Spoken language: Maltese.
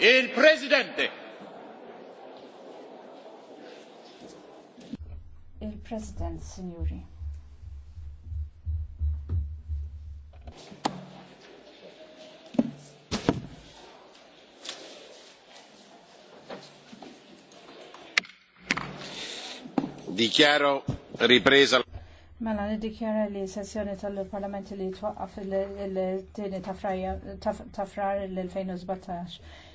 Il-Presidente. Il-President, signori. Dichiaro ripresa Mela, nidikjara li sessjoni tal-Parlament li twaqqaf il-tini ta' frar l-2017.